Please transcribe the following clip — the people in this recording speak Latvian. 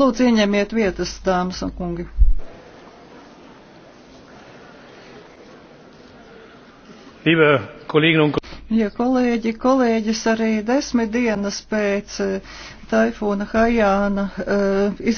Lūdzu, ieņemiet vietas, dāmas un kungi. Liebe Kolleginnen un Kollegen, Ja kolēģi, kolēģis arī desmit dienas pēc eh, taifūna Hajāna uh,